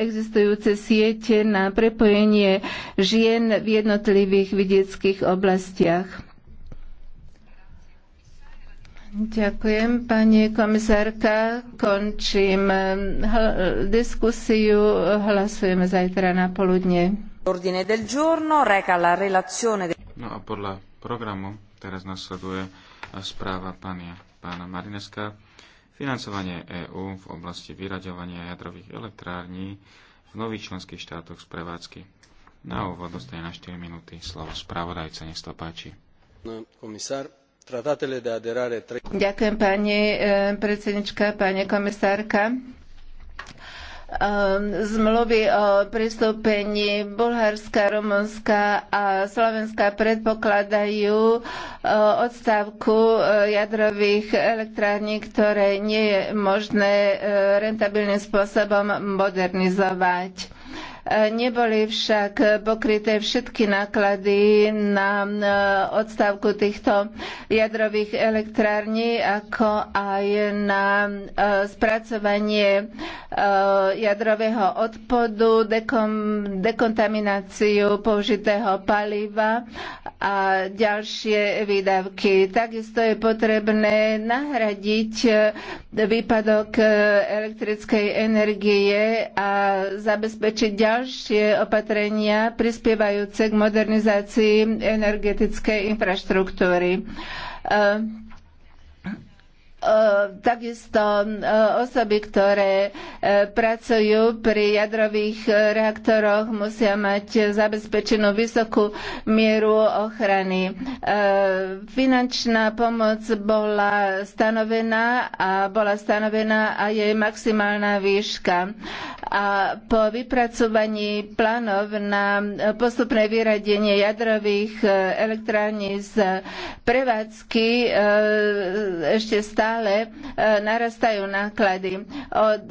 existujúce siete na prepojenie žien v jednotlivých vidieckých oblastiach. Ďakujem, pani komisárka. Končím hl- diskusiu. Hlasujeme zajtra na poludne. No a podľa programu teraz nasleduje správa pána, pána Marineska. Financovanie EÚ v oblasti vyraďovania jadrových elektrární v nových členských štátoch z prevádzky. Na úvod dostane na 4 minúty slovo spravodajca, nech sa páči. No, komisár, Ďakujem pani eh, predsednička, pani komisárka. Um, zmluvy o pristúpení Bulharska, Rumunska a Slovenska predpokladajú uh, odstavku uh, jadrových elektrární, ktoré nie je možné uh, rentabilným spôsobom modernizovať. Neboli však pokryté všetky náklady na odstavku týchto jadrových elektrární, ako aj na e, spracovanie e, jadrového odpadu, dekom, dekontamináciu použitého paliva a ďalšie výdavky. Takisto je potrebné nahradiť e, výpadok elektrickej energie a zabezpečiť ďalšie ďalšie opatrenia prispievajúce k modernizácii energetickej infraštruktúry. E, e, takisto e, osoby, ktoré pracujú pri jadrových reaktoroch, musia mať zabezpečenú vysokú mieru ochrany. Finančná pomoc bola stanovená a bola stanovená aj jej maximálna výška a po vypracovaní plánov na postupné vyradenie jadrových e, elektrární z prevádzky e, ešte stále e, narastajú náklady. Od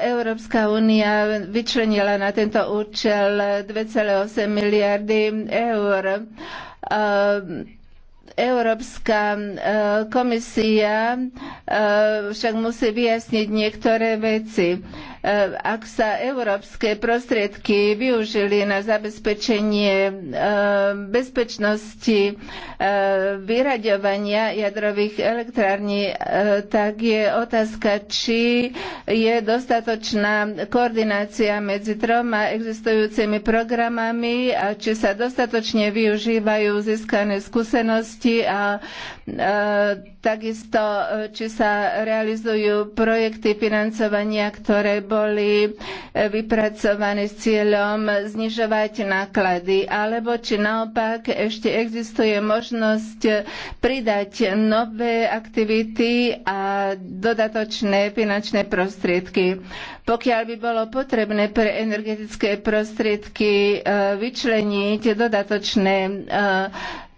Európska únia vyčlenila na tento účel 2,8 miliardy eur. Európska komisia však musí vyjasniť niektoré veci Eh, ak sa európske prostriedky využili na zabezpečenie eh, bezpečnosti eh, vyraďovania jadrových elektrární, tak je otázka, či je dostatočná koordinácia medzi troma existujúcimi programami a či sa dostatočne využívajú získané skúsenosti a takisto, či sa realizujú projekty financovania, ktoré boli eh, vypracované s cieľom znižovať náklady, alebo či naopak ešte existuje možnosť eh, pridať nové aktivity a dodatočné finančné prostriedky. Pokiaľ by bolo potrebné pre energetické prostriedky eh, vyčleniť dodatočné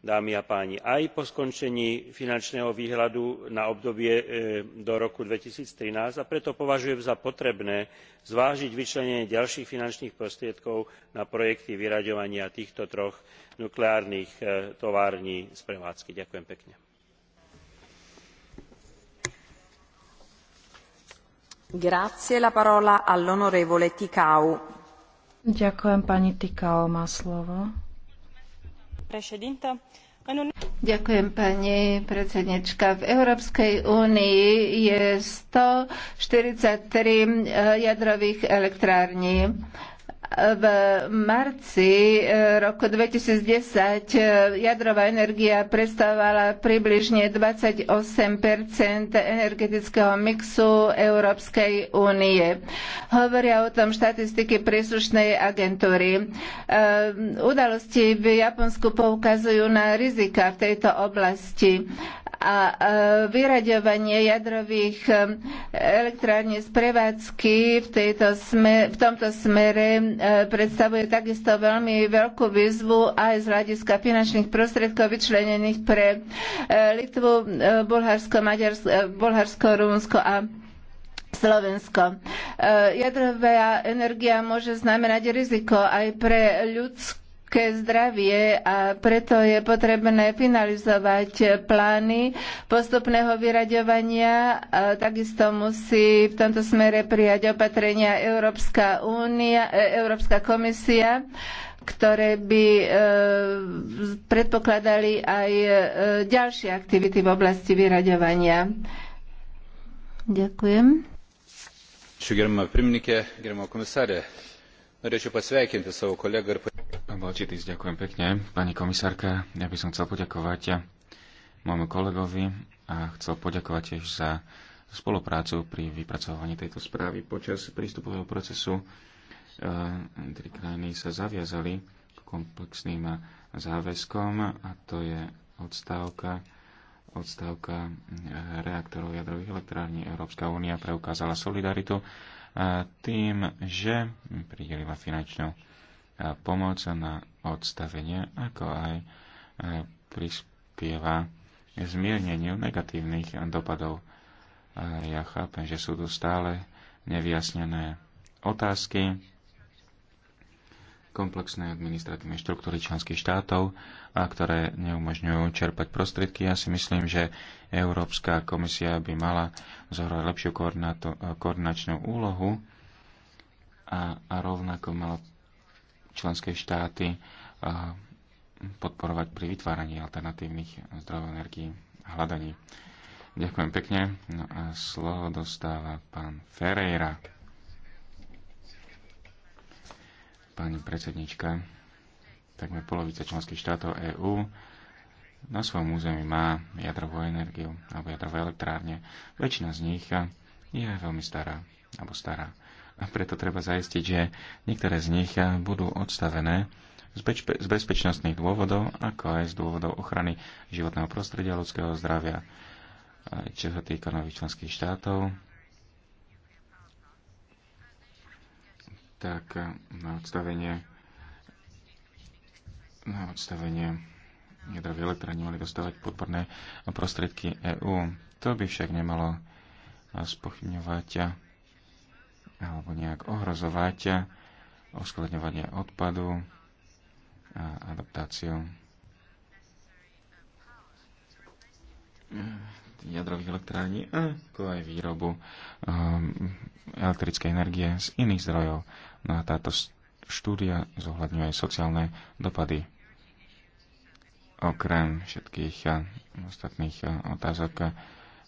dámy a páni aj po skončení finančného výhľadu na obdobie e, do roku two thousand and thirteen a preto považujem za potrebné zvážiť vyčlenenie ďalších finančných prostriedkov na projekty vyraďovania týchto troch nukleárnych e, tovární z prevádzky. ďakujem pekne. Ďakujem pani predsednička. V Európskej únii je 143 eh, jadrových elektrární v marci eh, roku 2010 eh, jadrová energia predstavovala približne 28 energetického mixu Európskej únie. Hovoria o tom štatistiky príslušnej agentúry. Eh, udalosti v Japonsku poukazujú na rizika v tejto oblasti a e, vyraďovanie jadrových e, elektrární z prevádzky v, tejto sme, v tomto smere e, predstavuje takisto veľmi veľkú výzvu aj z hľadiska finančných prostriedkov vyčlenených pre Litvu, Bulharsko, Maďarsko, Bulharsko, Rumunsko a Slovensko. Jadrová energia môže znamenať riziko aj pre ľudskú ľudské zdravie a preto je potrebné finalizovať plány postupného vyraďovania. A takisto musí v tomto smere prijať opatrenia Európska, únia, e, Európska komisia ktoré by e, predpokladali aj e, ďalšie aktivity v oblasti vyraďovania. Ďakujem. Ačiū gerbama pirmininkę, gerbama komisarę. Norėčiau pasveikinti savo kolegą ir Balčitis, ďakujem pekne. Pani komisárka, ja by som chcel poďakovať môjmu kolegovi a chcel poďakovať tiež za spoluprácu pri vypracovaní tejto správy. Počas prístupového procesu e, tri krajiny sa zaviazali k komplexným záväzkom a to je odstávka odstávka reaktorov jadrových elektrární. Európska únia preukázala solidaritu e, tým, že pridelila finančnú pomoc na odstavenie, ako aj e, prispieva zmierneniu negatívnych dopadov. Ja chápem, že sú tu stále nevyjasnené otázky, komplexné administratívne štruktúry členských štátov, a ktoré neumožňujú čerpať prostriedky. Ja si myslím, že Európska komisia by mala zohrať lepšiu koordinačnú úlohu a, a rovnako mala členské štáty podporovať pri vytváraní alternatívnych zdrojov energií a hľadaní. Ďakujem pekne. No a slovo dostáva pán Ferreira. Pani predsednička, takmer polovica členských štátov EÚ na svojom území má jadrovú energiu alebo jadrové elektrárne. Väčšina z nich je veľmi stará alebo stará a preto treba zaistiť, že niektoré z nich eh, budú odstavené z bezpečnostných dôvodov, ako aj z dôvodov ochrany životného prostredia, ľudského zdravia, čo sa týka nových členských štátov. Tak eh, na odstavenie na odstavenie jadrových elektrární mali dostávať podporné prostriedky EÚ. To by však nemalo eh, spochybňovať alebo nejak ohrozovať uskladňovanie odpadu a adaptáciu jadrových elektrární, ako aj výrobu ehm, elektrickej energie z iných zdrojov. No a táto štúdia zohľadňuje sociálne dopady. Okrem všetkých eh, ostatných eh, otázok,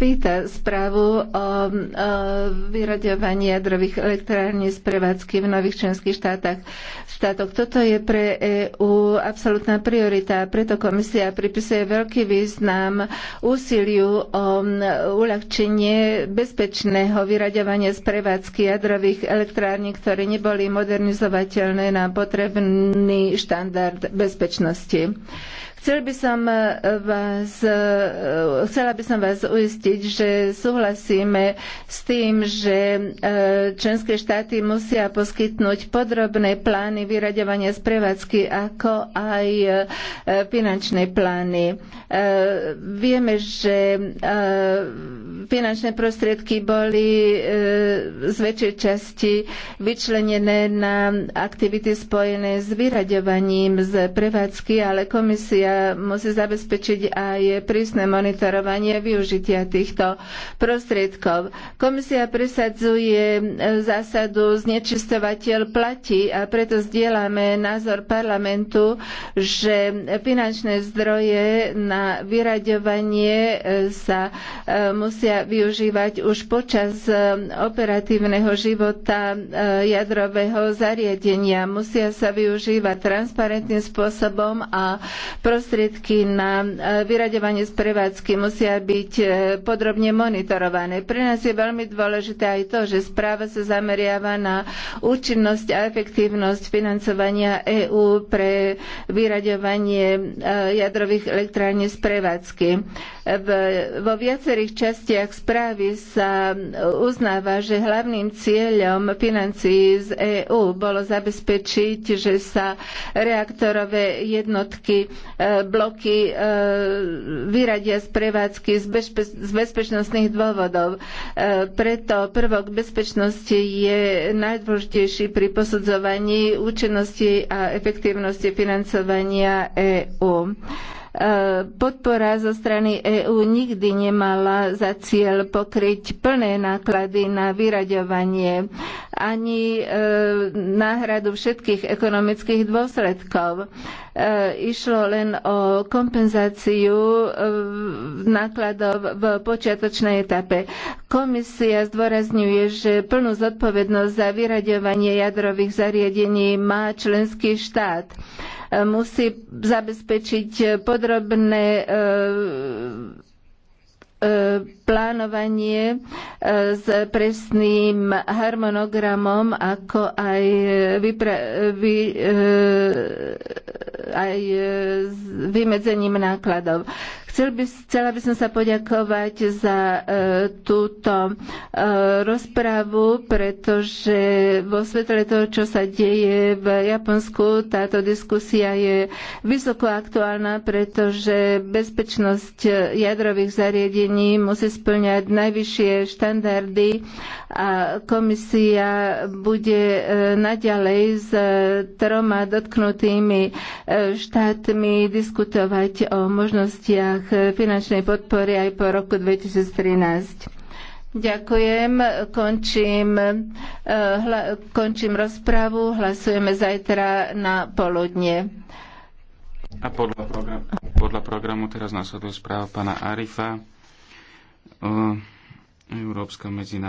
víta správu o vyraďovaní jadrových elektrární z prevádzky v nových členských štátach. Štátok. Toto je pre EÚ absolútna priorita, preto komisia pripisuje veľký význam úsiliu o uľahčenie bezpečného vyraďovania z prevádzky jadrových elektrární, ktoré neboli modernizovateľné na potrebný štandard bezpečnosti. Chcel by som e, vás, e, chcela by som vás uistiť, že súhlasíme s tým, že e, členské štáty musia poskytnúť podrobné plány vyraďovania z prevádzky, ako aj finančné plány. Vieme, že finančné prostriedky boli z väčšej časti vyčlenené na aktivity spojené s vyraďovaním z prevádzky, ale komisia musí zabezpečiť aj prísne monitorovanie využitia týchto prostriedkov. Komisia presadzuje e, zásadu znečistovateľ platí a preto zdieľame názor parlamentu, že finančné zdroje na vyraďovanie e, sa e, musia využívať už počas operatívneho života jadrového zariadenia. Musia sa využívať transparentným spôsobom a prostredníctvom prostriedky na e, vyraďovanie z prevádzky musia byť e, podrobne monitorované. Pre nás je veľmi dôležité aj to, že správa sa zameriava na účinnosť a efektívnosť financovania EÚ pre vyraďovanie e, jadrových elektrární z prevádzky. vo viacerých častiach správy sa uznáva, že hlavným cieľom financií z EÚ bolo zabezpečiť, že sa reaktorové jednotky E, bloky e, vyradia z prevádzky z bezpečnostných dôvodov. E, preto prvok bezpečnosti je najdôležitejší pri posudzovaní účinnosti a efektívnosti financovania EÚ. E, podpora zo strany EÚ nikdy nemala za cieľ pokryť plné náklady na vyraďovanie ani e, náhradu všetkých ekonomických dôsledkov. E, išlo len o kompenzáciu nákladov v počiatočnej etape. Komisia zdôrazňuje, že plnú zodpovednosť za vyraďovanie jadrových zariadení má členský štát musí zabezpečiť podrobné e, e, plánovanie e, s presným harmonogramom, ako aj, vypra- vy, aj vymedzením nákladov. Chcel by, chcela by som sa poďakovať za e, túto e, rozprávu, pretože vo svetle toho, čo sa deje v Japonsku, táto diskusia je vysoko aktuálna, pretože bezpečnosť jadrových zariadení musí splňať najvyššie štandardy a komisia bude e, naďalej s troma dotknutými štátmi diskutovať o možnostiach rozsah finančnej podpory aj po roku 2013. Ďakujem, končím, eh, hla, končím rozpravu, hlasujeme zajtra na poludne. A podľa, program, podľa programu teraz následuje správa pána Arifa eh, Európska Európskom